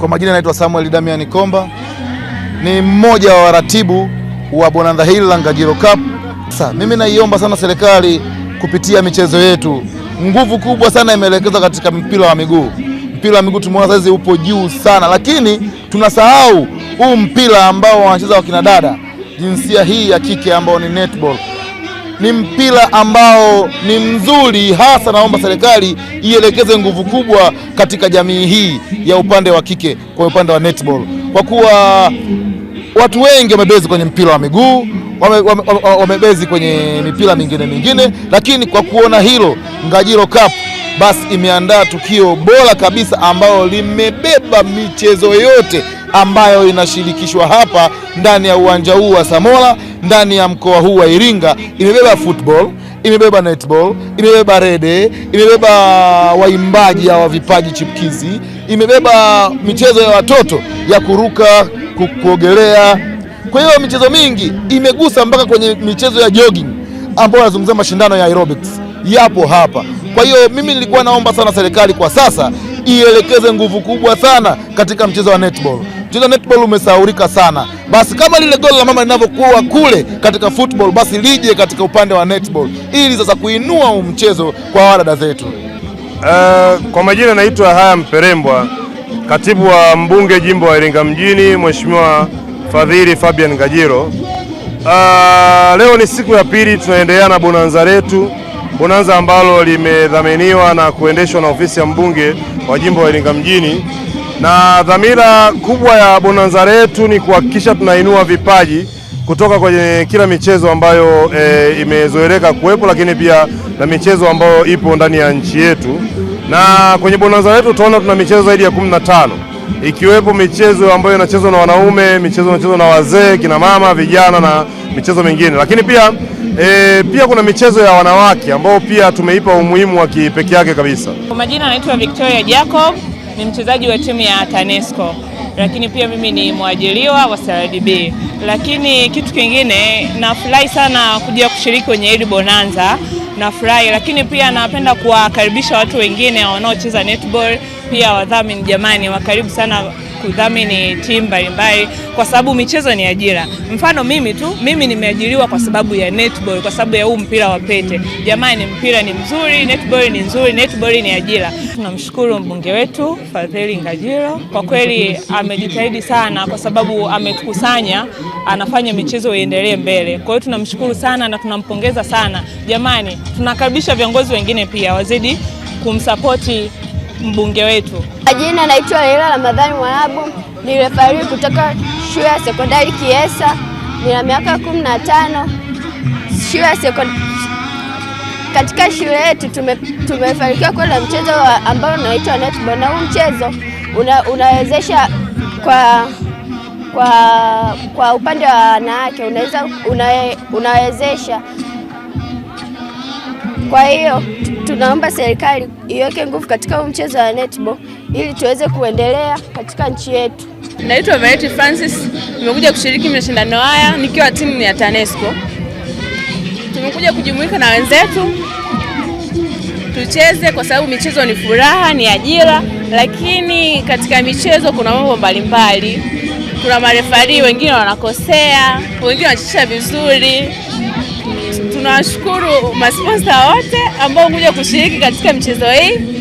Kwa majina naitwa Samuel Damian Komba, ni mmoja wa waratibu wa bonanza hili la Cup. Sasa mimi naiomba sana serikali kupitia michezo yetu, nguvu kubwa sana imeelekezwa katika mpira wa miguu. Mpira wa miguu tumeona saizi upo juu sana, lakini tunasahau huu mpira ambao wanacheza wakina dada jinsia hii ya kike ambao ni netball ni mpira ambao ni mzuri hasa. Naomba serikali ielekeze nguvu kubwa katika jamii hii ya upande wa kike kwa upande wa netball, kwa kuwa watu wengi wamebezi kwenye mpira wa miguu wamebezi wame, wame, wame kwenye mipira mingine mingine, lakini kwa kuona hilo Ngajilo Cup basi imeandaa tukio bora kabisa ambalo limebeba michezo yote ambayo inashirikishwa hapa ndani ya uwanja huu wa Samora, ndani ya mkoa huu wa Iringa. Imebeba football, imebeba netball, imebeba rede, imebeba waimbaji hawa vipaji chipkizi, imebeba michezo ya watoto ya kuruka, kuogelea. Kwa hiyo michezo mingi imegusa mpaka kwenye michezo ya jogging ambayo anazungumzia mashindano ya aerobics yapo hapa. Kwa hiyo mimi nilikuwa naomba sana serikali kwa sasa ielekeze nguvu kubwa sana katika mchezo wa netball. Mchezo wa netball umesahaulika sana. Basi kama lile goli la mama linavyokuwa kule katika football, basi lije katika upande wa netball, ili sasa kuinua mchezo kwa wadada zetu. Uh, kwa majina naitwa Haya Mperembwa, katibu wa mbunge jimbo wa Iringa mjini, Mheshimiwa Fadhili Fabian gajiro Uh, leo ni siku ya pili tunaendelea na bonanza letu bonanza ambalo limedhaminiwa na kuendeshwa na ofisi ya mbunge wa jimbo la Iringa mjini, na dhamira kubwa ya bonanza letu ni kuhakikisha tunainua vipaji kutoka kwenye kila michezo ambayo e, imezoeleka kuwepo, lakini pia na michezo ambayo ipo ndani ya nchi yetu. Na kwenye bonanza letu tutaona tuna michezo zaidi ya kumi na tano ikiwepo michezo ambayo inachezwa na wanaume, michezo inachezwa na wazee, kina mama, vijana na michezo mingine, lakini pia E, pia kuna michezo ya wanawake ambao pia tumeipa umuhimu wa kipekee yake kabisa. Kwa majina anaitwa Victoria Jacob, ni mchezaji wa timu ya TANESCO, lakini pia mimi ni mwajiliwa wa CRDB. Lakini kitu kingine, nafurahi sana kuja kushiriki kwenye hili bonanza, nafurahi, lakini pia napenda kuwakaribisha watu wengine wanaocheza netball pia wadhamini jamani, wakaribu sana kudhamini timu mbalimbali, kwa sababu michezo ni ajira. Mfano mimi tu, mimi nimeajiriwa kwa sababu ya netball, kwa sababu ya huu mpira wa pete. Jamani, mpira ni mzuri, netball ni nzuri, netball ni ajira. Tunamshukuru mbunge wetu Fadhili Ngajilo, kwa kweli amejitahidi sana, kwa sababu ametukusanya, anafanya michezo iendelee mbele. Kwa hiyo tunamshukuru sana na tunampongeza sana. Jamani, tunakaribisha viongozi wengine pia wazidi kumsapoti mbunge wetu. Majina naitwa Leila Ramadhani Mwarabu, ni refari kutoka shule ya sekondari Kiesa, nina miaka kumi na tano. Katika shule yetu tumefanikiwa kuwa na mchezo ambao unaitwa netball, na huu mchezo una, unawezesha kwa kwa kwa upande wa wanawake unaweza unawezesha kwa hiyo tunaomba serikali iweke nguvu katika huu mchezo wa netball ili tuweze kuendelea katika nchi yetu. Naitwa Meriti Francis, nimekuja kushiriki mashindano haya nikiwa timu ya TANESCO. Tumekuja kujumuika na wenzetu tucheze, kwa sababu michezo ni furaha, ni ajira, lakini katika michezo kuna mambo mbalimbali. Kuna marefari wengine wanakosea, wengine wanacheza vizuri Tunawashukuru masponsa wote ambao kuja kushiriki katika mchezo hii.